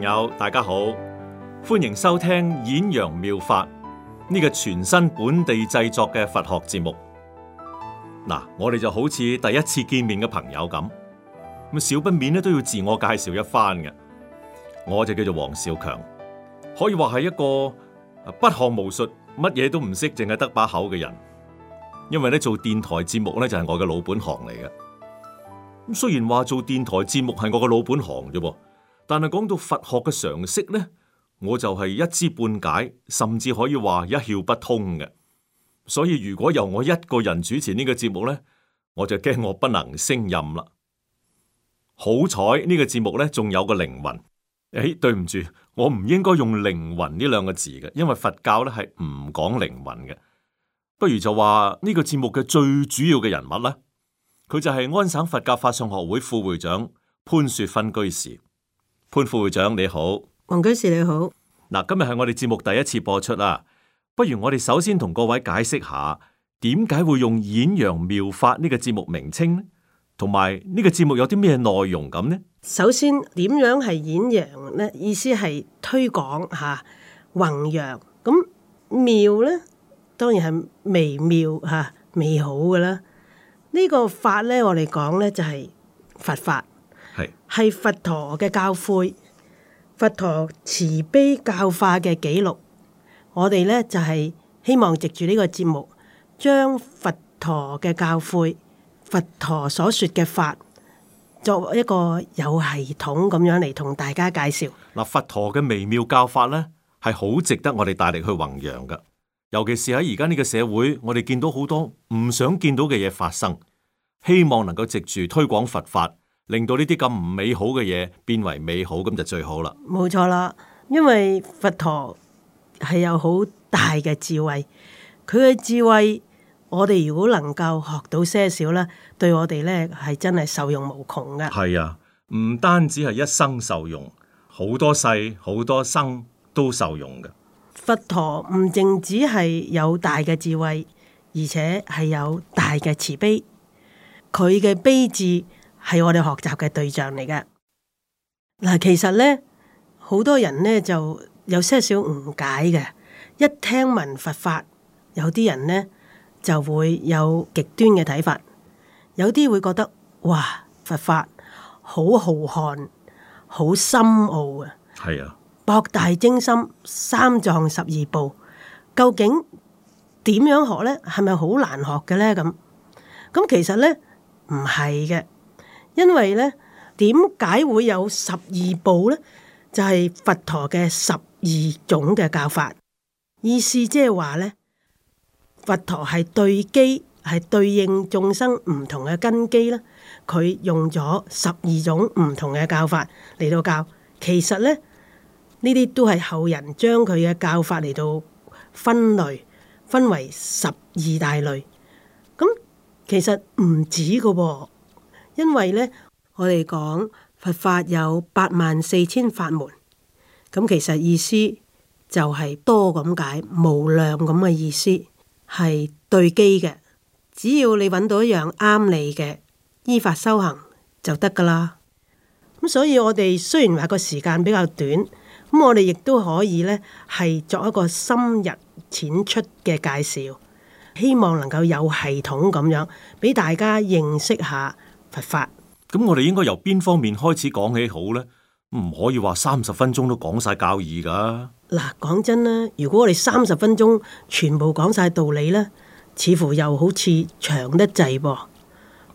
朋友，大家好，歡迎收聽《演揚妙法》呢個全新本地製作嘅佛學節目。嗱，我哋就好似第一次見面嘅朋友咁，咁少不免咧都要自我介紹一番嘅。我就叫做黃少強，可以話係一個不學無術、乜嘢都唔識，淨係得把口嘅人。因為咧做電台節目咧就係我嘅老本行嚟嘅。咁雖然話做電台節目係我嘅老本行啫噃。但係講到佛學嘅常識呢，我就係一知半解，甚至可以話一竅不通嘅。所以如果由我一個人主持呢個節目呢，我就驚我不能勝任啦。好彩呢個節目呢，仲有個靈魂。誒、哎，對唔住，我唔應該用靈魂呢兩個字嘅，因為佛教呢係唔講靈魂嘅。不如就話呢、這個節目嘅最主要嘅人物咧，佢就係安省佛教法相學會副會長潘雪芬居士。潘副會長你好，黃居士你好。嗱，今日係我哋節目第一次播出啦，不如我哋首先同各位解釋下，點解會用演揚妙法呢個節目名稱呢？同埋呢個節目有啲咩內容咁呢？首先，點樣係演揚呢？意思係推廣吓、啊，弘揚。咁妙呢，當然係微妙吓，啊、美好噶啦。呢個法呢，我哋講呢就係佛法。係，佛陀嘅教誨，佛陀慈悲教化嘅記錄，我哋咧就係希望藉住呢個節目，將佛陀嘅教誨、佛陀所說嘅法，作為一個有系統咁樣嚟同大家介紹。嗱，佛陀嘅微妙教法咧，係好值得我哋大力去弘揚噶，尤其是喺而家呢個社會，我哋見到好多唔想見到嘅嘢發生，希望能夠藉住推廣佛法。令到呢啲咁唔美好嘅嘢變為美好，咁就最好啦。冇錯啦，因為佛陀係有好大嘅智慧，佢嘅智慧我哋如果能夠學到些少咧，對我哋咧係真係受用無窮嘅。係啊，唔單止係一生受用，好多世好多生都受用嘅。佛陀唔淨只係有大嘅智慧，而且係有大嘅慈悲，佢嘅悲智。係我哋學習嘅對象嚟嘅。嗱，其實咧，好多人咧就有些少誤解嘅。一聽聞佛法，有啲人咧就會有極端嘅睇法，有啲會覺得哇，佛法好浩瀚，好深奧啊！係啊，博大精深，三藏十二部，究竟點樣學咧？係咪好難學嘅咧？咁咁，其實咧唔係嘅。因為咧，點解會有十二部咧？就係佛陀嘅十二種嘅教法，意思即係話咧，佛陀係對基，係對應眾生唔同嘅根基啦，佢用咗十二種唔同嘅教法嚟到教。其實咧，呢啲都係後人將佢嘅教法嚟到分類，分為十二大類。咁其實唔止噶噃。因為咧，我哋講佛法有八萬四千法門，咁其實意思就係多咁解，無量咁嘅意思，係對機嘅。只要你揾到一樣啱你嘅，依法修行就得噶啦。咁所以我哋雖然話個時間比較短，咁我哋亦都可以咧，係作一個深入淺出嘅介紹，希望能夠有系統咁樣俾大家認識一下。法咁，我哋應該由邊方面開始講起好呢？唔可以話三十分鐘都講晒教義噶嗱，講真啦，如果我哋三十分鐘全部講晒道理呢，似乎又好似長得滯噃。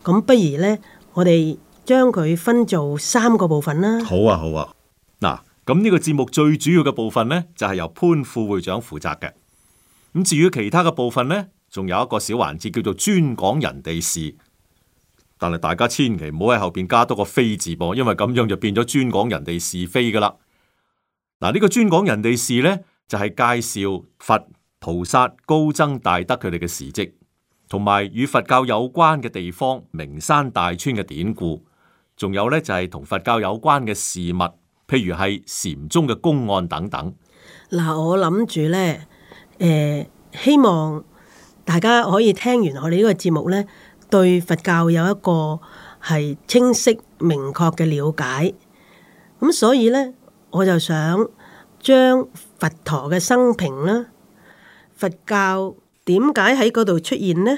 咁不如呢，我哋將佢分做三個部分啦。好啊，好啊。嗱，咁呢個節目最主要嘅部分呢，就係由潘副會長負責嘅。咁至於其他嘅部分呢，仲有一個小環節叫做專講人哋事。但係大家千祈唔好喺後邊加多個非字噃，因為咁樣就變咗專講人哋是非噶啦。嗱、啊、呢、這個專講人哋事呢，就係、是、介紹佛菩薩高僧大德佢哋嘅事跡，同埋與佛教有關嘅地方、名山大川嘅典故，仲有呢，就係、是、同佛教有關嘅事物，譬如係禪宗嘅公案等等。嗱、啊，我諗住呢，誒、呃，希望大家可以聽完我哋呢個節目呢，對佛教有一個係清晰明確嘅了解，咁所以呢，我就想將佛陀嘅生平啦，佛教點解喺嗰度出現呢？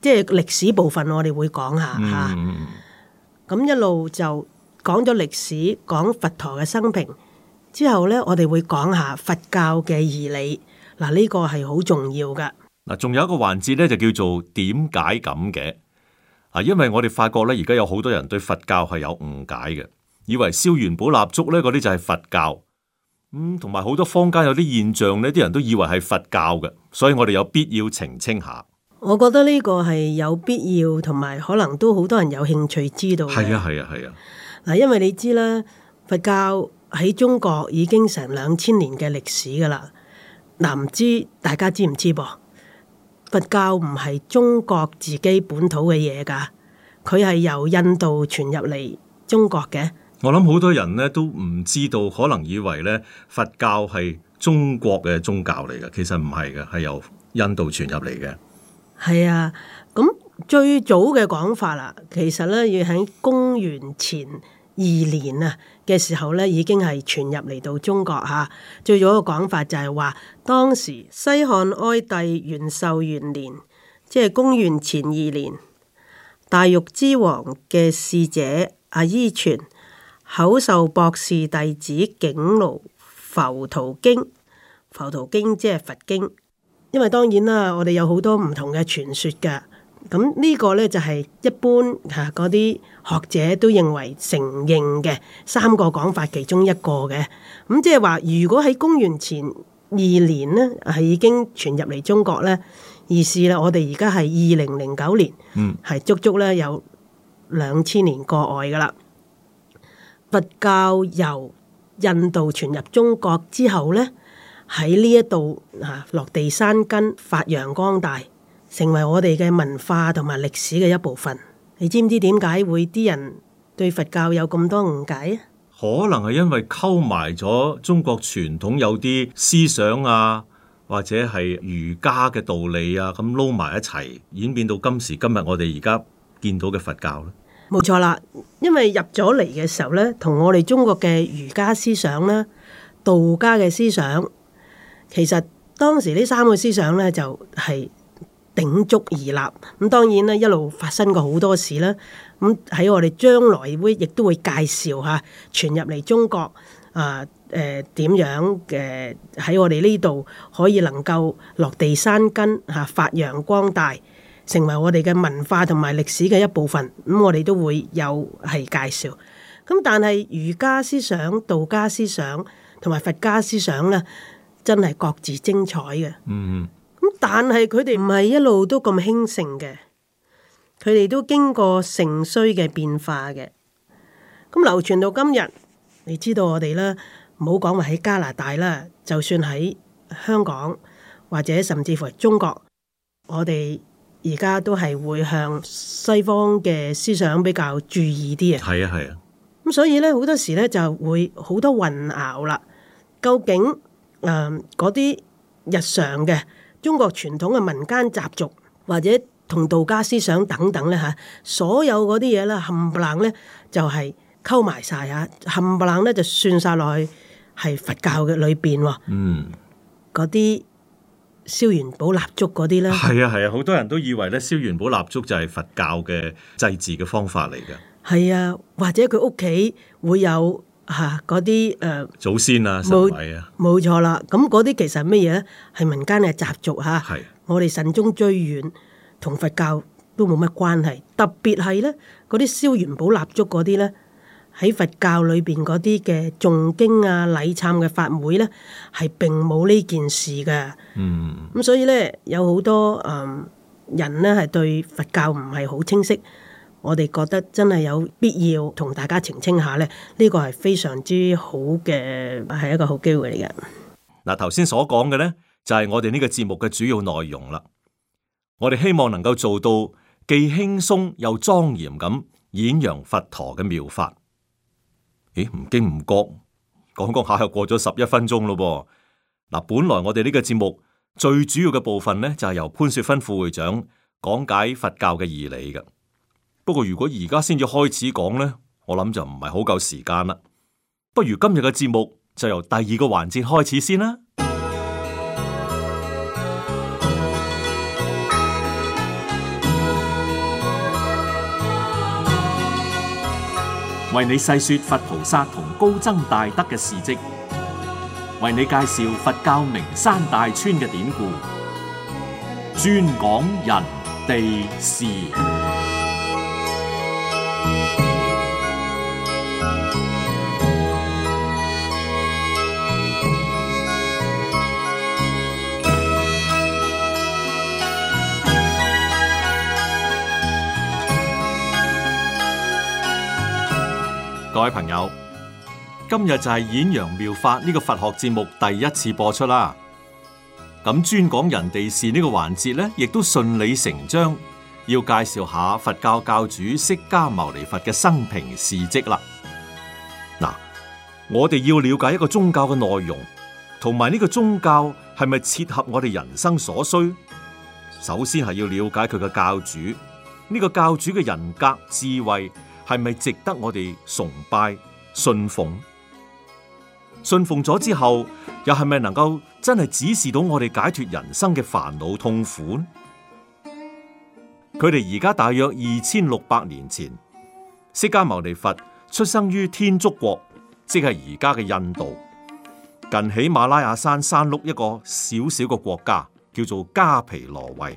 即係歷史部分，我哋會講下吓。咁一路就講咗歷史，講佛陀嘅生平之後呢，我哋會講下佛教嘅義理。嗱，呢個係好重要㗎。嗱，仲有一個環節呢，就叫做點解咁嘅？啊，因為我哋發覺咧，而家有好多人對佛教係有誤解嘅，以為燒元寶蠟燭咧，嗰啲就係佛教。嗯，同埋好多坊間有啲現象，呢啲人都以為係佛教嘅，所以我哋有必要澄清下。我覺得呢個係有必要，同埋可能都好多人有興趣知道。係啊，係啊，係啊。嗱，因為你知啦，佛教喺中國已經成兩千年嘅歷史噶啦。嗱，唔知大家知唔知噃？佛教唔係中國自己本土嘅嘢噶，佢係由印度傳入嚟中國嘅。我諗好多人咧都唔知道，可能以為咧佛教係中國嘅宗教嚟嘅，其實唔係嘅，係由印度傳入嚟嘅。係啊，咁最早嘅講法啦，其實咧要喺公元前。二年啊嘅時候咧，已經係傳入嚟到中國吓。最早嘅講法就係話當時西漢哀帝元壽元年，即係公元前二年，大月氏王嘅侍者阿伊存口授博士弟子景盧浮屠經。浮屠經即係佛經，因為當然啦，我哋有好多唔同嘅傳說噶。咁、這、呢個呢，就係一般嚇嗰啲學者都認為承認嘅三個講法其中一個嘅。咁即係話，如果喺公元前二年呢，係已經傳入嚟中國呢。而是啦，我哋而家係二零零九年，嗯，係足足呢有兩千年過外噶啦。佛教由印度傳入中國之後呢，喺呢一度嚇落地生根發、發揚光大。成為我哋嘅文化同埋歷史嘅一部分。你知唔知點解會啲人對佛教有咁多誤解啊？可能係因為溝埋咗中國傳統有啲思想啊，或者係儒家嘅道理啊，咁撈埋一齊演變到今時今日，我哋而家見到嘅佛教呢，冇錯啦。因為入咗嚟嘅時候呢，同我哋中國嘅儒家思想啦、道家嘅思想，其實當時呢三個思想呢，就係、是。鼎足而立，咁當然咧，一路發生過好多事啦。咁喺我哋將來會亦都會介紹吓傳入嚟中國啊，誒、呃、點、呃、樣嘅喺、呃、我哋呢度可以能夠落地生根吓發揚光大，成為我哋嘅文化同埋歷史嘅一部分。咁我哋都會有係介紹。咁但係儒家思想、道家思想同埋佛家思想咧，真係各自精彩嘅。嗯。但係佢哋唔係一路都咁興盛嘅，佢哋都經過盛衰嘅變化嘅。咁流傳到今日，你知道我哋啦，唔好講話喺加拿大啦，就算喺香港或者甚至乎係中國，我哋而家都係會向西方嘅思想比較注意啲啊。係啊，係啊。咁所以呢，好多時呢就會好多混淆啦。究竟誒嗰啲日常嘅，中國傳統嘅民間習俗，或者同道家思想等等咧嚇，所有嗰啲嘢咧冚唪唥咧就係溝埋晒。嚇，冚唪唥咧就算晒落去係佛教嘅裏邊喎。嗯，嗰啲燒元寶蠟燭嗰啲咧，係啊係啊，好多人都以為咧燒元寶蠟燭就係佛教嘅祭祀嘅方法嚟㗎。係啊，或者佢屋企會有。吓，嗰啲誒祖先啊、神位啊，冇錯啦。咁嗰啲其實咩嘢？係民間嘅習俗嚇。係。我哋慎終追遠，同佛教都冇乜關係。特別係咧，嗰啲燒元寶、蠟燭嗰啲咧，喺佛教裏邊嗰啲嘅誦經啊、禮懺嘅法會咧，係並冇呢件事嘅。嗯。咁所以咧，有好多誒人咧，係對佛教唔係好清晰。我哋覺得真係有必要同大家澄清下咧，呢個係非常之好嘅，係一個好機會嚟嘅。嗱，頭先所講嘅咧，就係我哋呢個節目嘅主要內容啦。我哋希望能夠做到既輕鬆又莊嚴咁演揚佛陀嘅妙法。咦，唔經唔覺，講講下又過咗十一分鐘咯噃。嗱，本來我哋呢個節目最主要嘅部分咧，就係由潘雪芬副會長講解佛教嘅義理嘅。不過如果而家先至開始講呢，我諗就唔係好夠時間啦。不如今日嘅節目就由第二個環節開始先啦。為你細說佛菩薩同高僧大德嘅事跡，為你介紹佛教名山大川嘅典故，專講人、地、事。各位朋友，今日就係、是《演揚妙法》呢、這個佛學節目第一次播出啦。咁專講人哋事呢個環節呢，亦都順理成章要介紹下佛教教主釋迦牟尼佛嘅生平事迹啦。嗱，我哋要了解一個宗教嘅內容，同埋呢個宗教係咪切合我哋人生所需，首先係要了解佢嘅教主。呢、這個教主嘅人格、智慧。係咪值得我哋崇拜、信奉？信奉咗之後，又係咪能夠真係指示到我哋解脫人生嘅煩惱、痛苦？佢哋而家大約二千六百年前，釋迦牟尼佛出生於天竺國，即係而家嘅印度，近喜馬拉雅山山麓一個小小嘅國家，叫做加皮羅衛。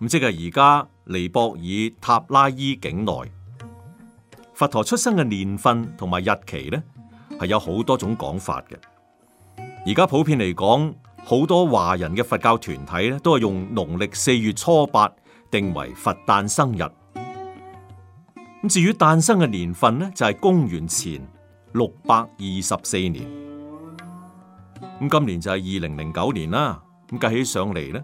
咁即係而家尼泊爾塔拉伊境內，佛陀出生嘅年份同埋日期呢，係有好多種講法嘅。而家普遍嚟講，好多華人嘅佛教團體呢都係用農曆四月初八定為佛誕生日。咁至於誕生嘅年份呢，就係公元前六百二十四年。咁今年就係二零零九年啦。咁計起上嚟呢。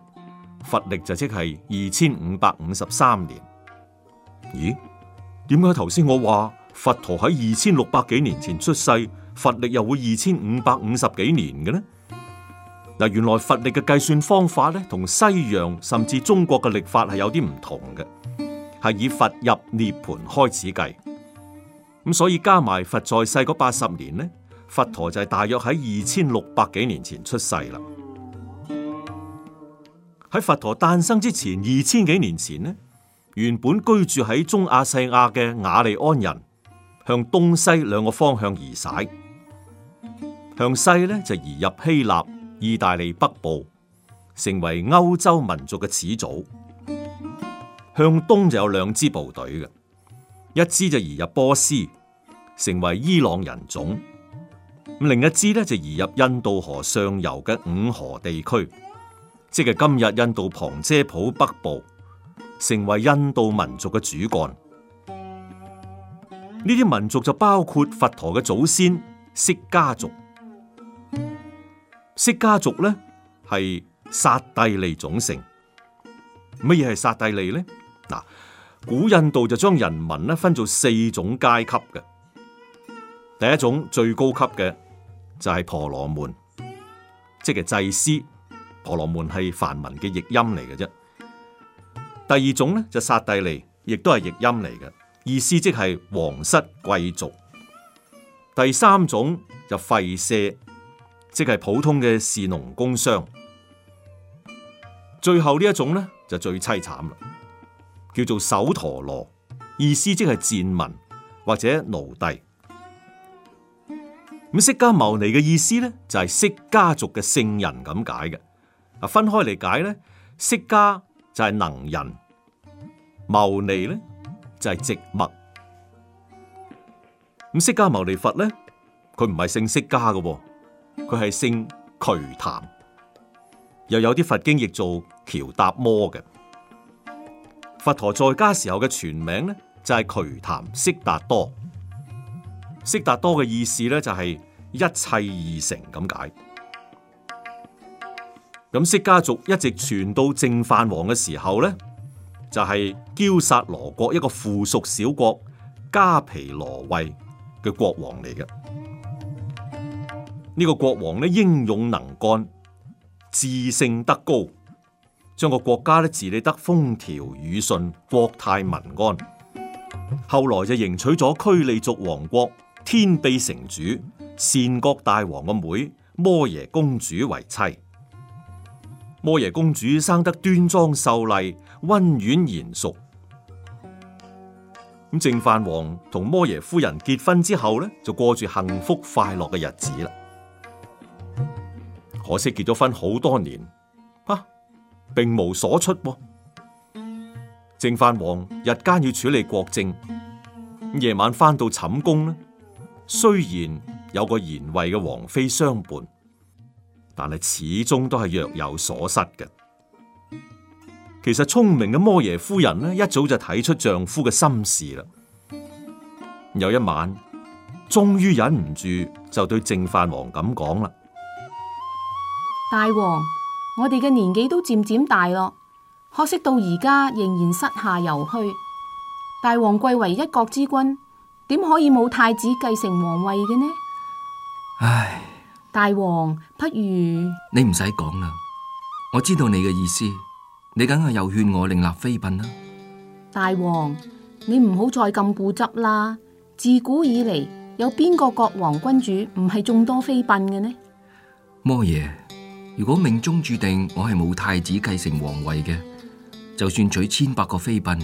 佛曆就即係二千五百五十三年。咦？點解頭先我話佛陀喺二千六百幾年前出世，佛曆又會二千五百五十幾年嘅呢？嗱，原來佛曆嘅計算方法咧，同西洋甚至中國嘅曆法係有啲唔同嘅，係以佛入涅槃開始計。咁所以加埋佛在世嗰八十年呢，佛陀就係大約喺二千六百幾年前出世啦。喺佛陀誕生之前二千幾年前呢，原本居住喺中亞細亞嘅雅利安人向東西兩個方向移徙，向西咧就移入希臘、意大利北部，成為歐洲民族嘅始祖；向東就有兩支部隊嘅，一支就移入波斯，成為伊朗人種；咁另一支咧就移入印度河上游嘅五河地區。即係今日印度旁遮普北部，成為印度民族嘅主幹，呢啲民族就包括佛陀嘅祖先釋迦族。釋迦族咧係剎帝利種姓。乜嘢係剎帝利咧？嗱，古印度就將人民咧分做四種階級嘅。第一種最高級嘅就係婆羅門，即係祭司。婆羅門係梵文嘅譯音嚟嘅啫，第二種咧就剎帝利，亦都係譯音嚟嘅，意思即係皇室貴族。第三種就吠舍，即係普通嘅士農工商。最後呢一種咧就最淒慘啦，叫做首陀羅，意思即係賤民或者奴隸。咁釋迦牟尼嘅意思咧就係、是、釋迦族嘅聖人咁解嘅。啊，分開嚟解咧，釋迦就係能仁，牟尼咧就係寂默。咁釋迦牟尼佛咧，佢唔係姓釋迦㗎喎，佢係姓瞿曇，又有啲佛經譯做喬達摩嘅。佛陀在家時候嘅全名咧就係瞿曇悉達多，悉達多嘅意思咧就係一切義成咁解。咁釋迦族一直傳到淨飯王嘅時候呢，就係憍薩羅國一個附屬小國迦毗羅衛嘅國王嚟嘅。呢、呢個國王呢，英勇能幹，智性德高，將個國家呢治理得風調雨順、國泰民安。後來就迎娶咗拘利族王國天臂城主善國大王嘅妹，妹摩耶公主為妻。摩耶公主生得端莊秀麗、温婉賢淑。咁淨飯王同摩耶夫人結婚之後呢，就過住幸福快樂嘅日子啦。可惜結咗婚好多年啊，並無所出。淨飯王日間要處理國政，夜晚翻到寢宮呢，雖然有個賢惠嘅王妃相伴。但係始終都係若有所失嘅。其實聰明嘅摩耶夫人呢，一早就睇出丈夫嘅心事啦。有一晚，終於忍唔住就對淨飯王咁講啦：「大王，我哋嘅年紀都漸漸大咯，可惜到而家仍然膝下猶虛。大王貴為一國之君，點可以冇太子繼承皇位嘅呢？唉。大王，不如你唔使講啦，我知道你嘅意思，你梗係又勸我另立妃嬪啦。大王，你唔好再咁固執啦，自古以嚟有邊個國王君主唔係眾多妃嬪嘅呢？摩耶，如果命中注定我係冇太子繼承皇位嘅，就算娶千百個妃嬪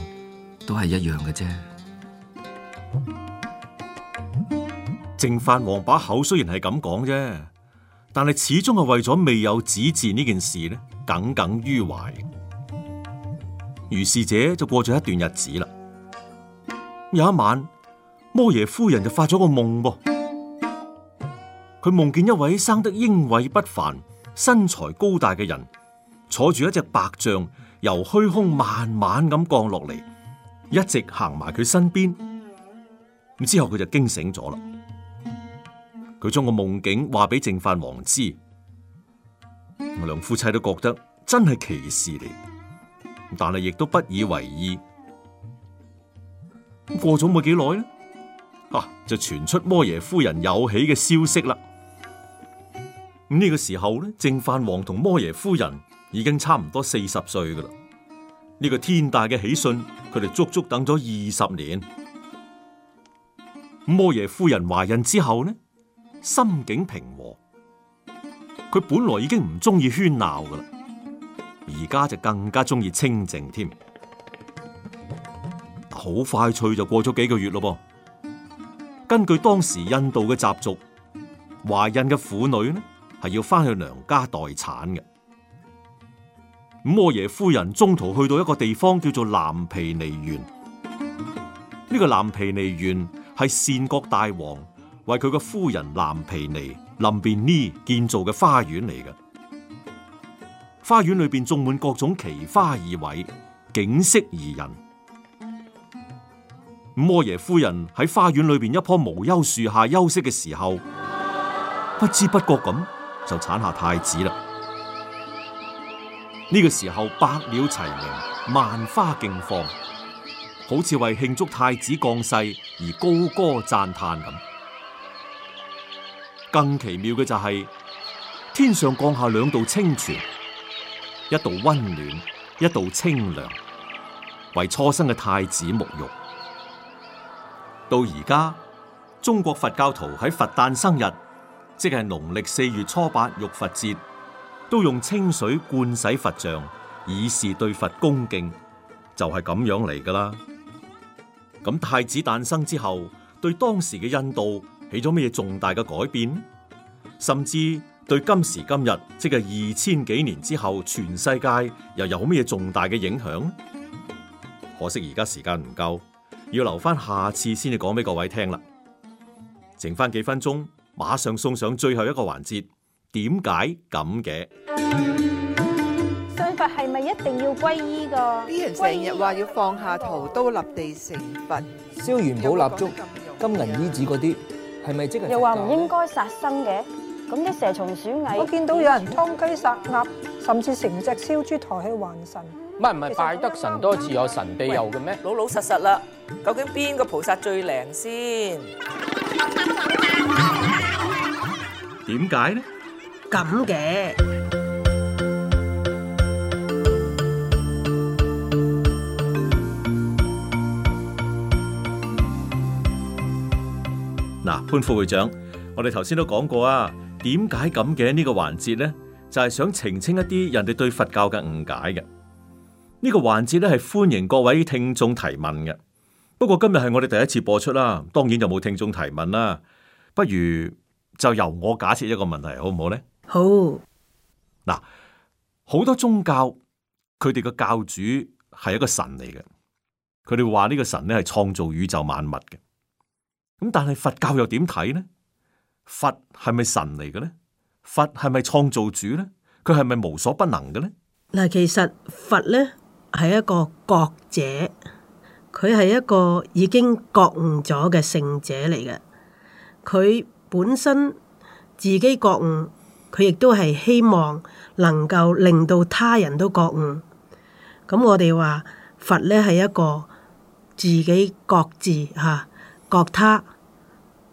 都係一樣嘅啫。淨飯王把口雖然係咁講啫。但係始終係為咗未有子嗣呢件事呢耿耿於懷。於是者就過咗一段日子啦。有一晚，摩耶夫人就發咗個夢噃，佢夢見一位生得英偉不凡、身材高大嘅人，坐住一隻白象，由虛空慢慢咁降落嚟，一直行埋佢身邊。咁之後佢就驚醒咗啦。佢將個夢境話俾淨飯王知，我兩夫妻都覺得真係奇事嚟，但係亦都不以為意。咁過咗冇幾耐咧，啊就傳出摩耶夫人有喜嘅消息啦。咁、這、呢個時候咧，淨飯王同摩耶夫人已經差唔多四十歲噶啦，呢、這個天大嘅喜訊，佢哋足足等咗二十年。摩耶夫人懷孕之後呢，心境平和，佢本來已經唔中意喧鬧噶啦，而家就更加中意清靜添。好快脆就過咗幾個月咯噃。根據當時印度嘅習俗，懷孕嘅婦女呢係要翻去娘家待產嘅。摩耶夫人中途去到一個地方叫做藍皮尼園，呢、這個藍皮尼園係善國大王。為佢個夫人藍皮尼林便呢建造嘅花園嚟嘅。花園裏邊種滿各種奇花異卉，景色宜人。摩耶夫人喺花園裏邊一棵無憂樹下休息嘅時候，不知不覺咁就產下太子啦。呢個時候百鳥齊鳴，萬花競放，好似為慶祝太子降世而高歌讚嘆咁。更奇妙嘅就係天上降下兩道清泉，一道溫暖，一道清涼，為初生嘅太子沐浴。到而家，中國佛教徒喺佛誕生日，即係農曆四月初八浴佛節，都用清水灌洗佛像，以示對佛恭敬，就係咁樣嚟噶啦。咁太子誕生之後，對當時嘅印度。起咗咩重大嘅改變，甚至對今時今日，即係二千幾年之後，全世界又有咩重大嘅影響？可惜而家時間唔夠，要留翻下次先至講俾各位聽啦。剩翻幾分鐘，馬上送上最後一個環節。點解咁嘅？信佛係咪一定要皈依噶？成日話要放下屠刀立地成佛，燒元寶蠟燭、金銀衣紙嗰啲。又話唔應該殺生嘅，咁啲蛇蟲鼠蟻，我見到有人劏雞殺鴨，甚至成隻燒豬抬去還神。乜唔係拜得神多自有神庇佑嘅咩？老老實實啦，究竟邊個菩薩最靈先？點解呢？咁嘅。嗱，潘副會長，我哋頭先都講過啊，點解咁嘅呢個環節呢？就係想澄清一啲人哋對佛教嘅誤解嘅。呢個環節咧係歡迎各位聽眾提問嘅。不過今日係我哋第一次播出啦，當然就冇聽眾提問啦。不如就由我假設一個問題，好唔好呢？好。嗱，好多宗教佢哋個教主係一個神嚟嘅，佢哋話呢個神咧係創造宇宙萬物嘅。咁但係佛教又點睇呢？佛係咪神嚟嘅呢？佛係咪創造主呢？佢係咪無所不能嘅呢？嗱，其實佛呢係一個覺者，佢係一個已經覺悟咗嘅聖者嚟嘅。佢本身自己覺悟，佢亦都係希望能夠令到他人都覺悟。咁我哋話佛呢係一個自己覺悟，吓。覺他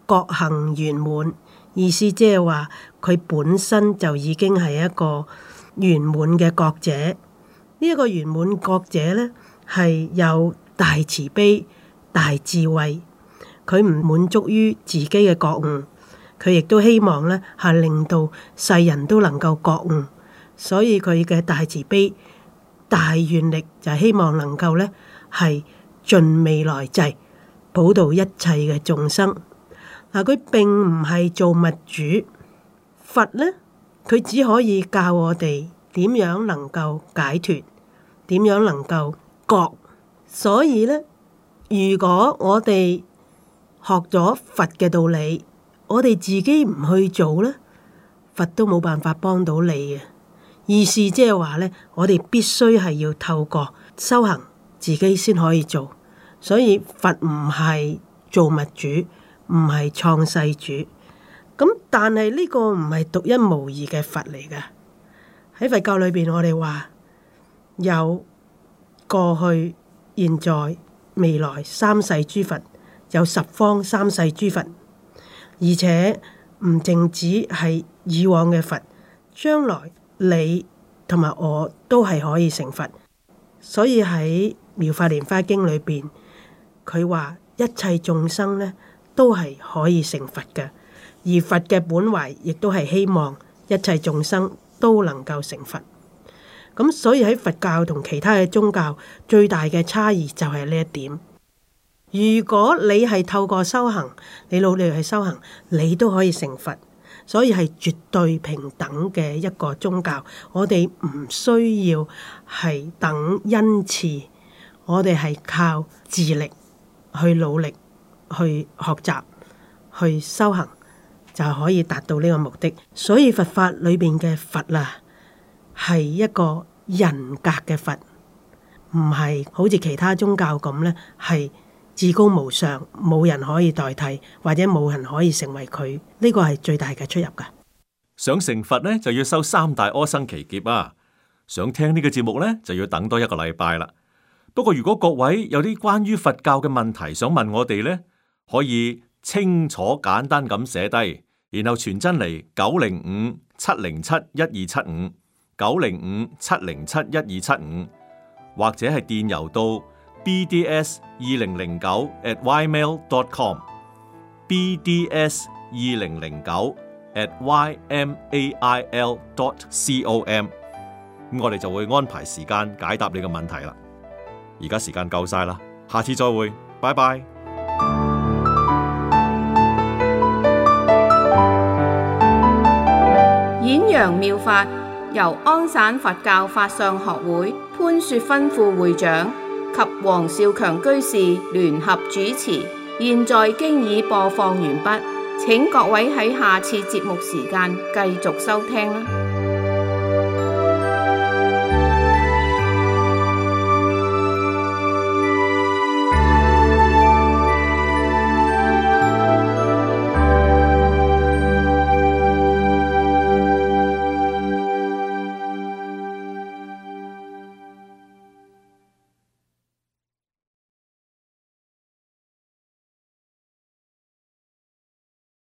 覺行圓滿，意思即係話佢本身就已經係一個圓滿嘅覺者。呢、這、一個圓滿覺者咧，係有大慈悲、大智慧。佢唔滿足於自己嘅覺悟，佢亦都希望咧係令到世人都能夠覺悟。所以佢嘅大慈悲、大願力就係希望能夠咧係盡未來際。普渡一切嘅眾生，嗱，佢並唔係做物主，佛咧，佢只可以教我哋點樣能夠解脫，點樣能夠覺。所以咧，如果我哋學咗佛嘅道理，我哋自己唔去做咧，佛都冇辦法幫到你嘅。意思即係話咧，我哋必須係要透過修行，自己先可以做。所以佛唔係造物主，唔係創世主。咁但係呢個唔係獨一無二嘅佛嚟噶。喺佛教裏邊，我哋話有過去、現在、未來三世諸佛，有十方三世諸佛，而且唔淨止係以往嘅佛，將來你同埋我都係可以成佛。所以喺《妙法蓮花經》裏邊。佢話一切眾生咧都係可以成佛嘅，而佛嘅本懷亦都係希望一切眾生都能夠成佛。咁所以喺佛教同其他嘅宗教最大嘅差異就係呢一點。如果你係透過修行，你努力去修行，你都可以成佛。所以係絕對平等嘅一個宗教。我哋唔需要係等恩賜，我哋係靠自力。去努力，去學習，去修行，就可以達到呢個目的。所以佛法裏邊嘅佛啊，係一個人格嘅佛，唔係好似其他宗教咁呢，係至高無上，冇人可以代替，或者冇人可以成為佢。呢個係最大嘅出入噶。想成佛呢，就要修三大阿僧祇劫啊！想聽呢個節目呢，就要等多一個禮拜啦。不過，如果各位有啲關於佛教嘅問題想問我哋呢，可以清楚簡單咁寫低，然後傳真嚟九零五七零七一二七五九零五七零七一二七五，或者係電郵到 bds 二零零九 @ymail.com bds 二零零九 @ymail.com 咁，我哋就會安排時間解答你嘅問題啦。而家時間夠晒啦，下次再會，拜拜。演揚妙法由安省佛教法相學會潘雪芬副會長及黃少強居士聯合主持，現在經已播放完畢，請各位喺下次節目時間繼續收聽。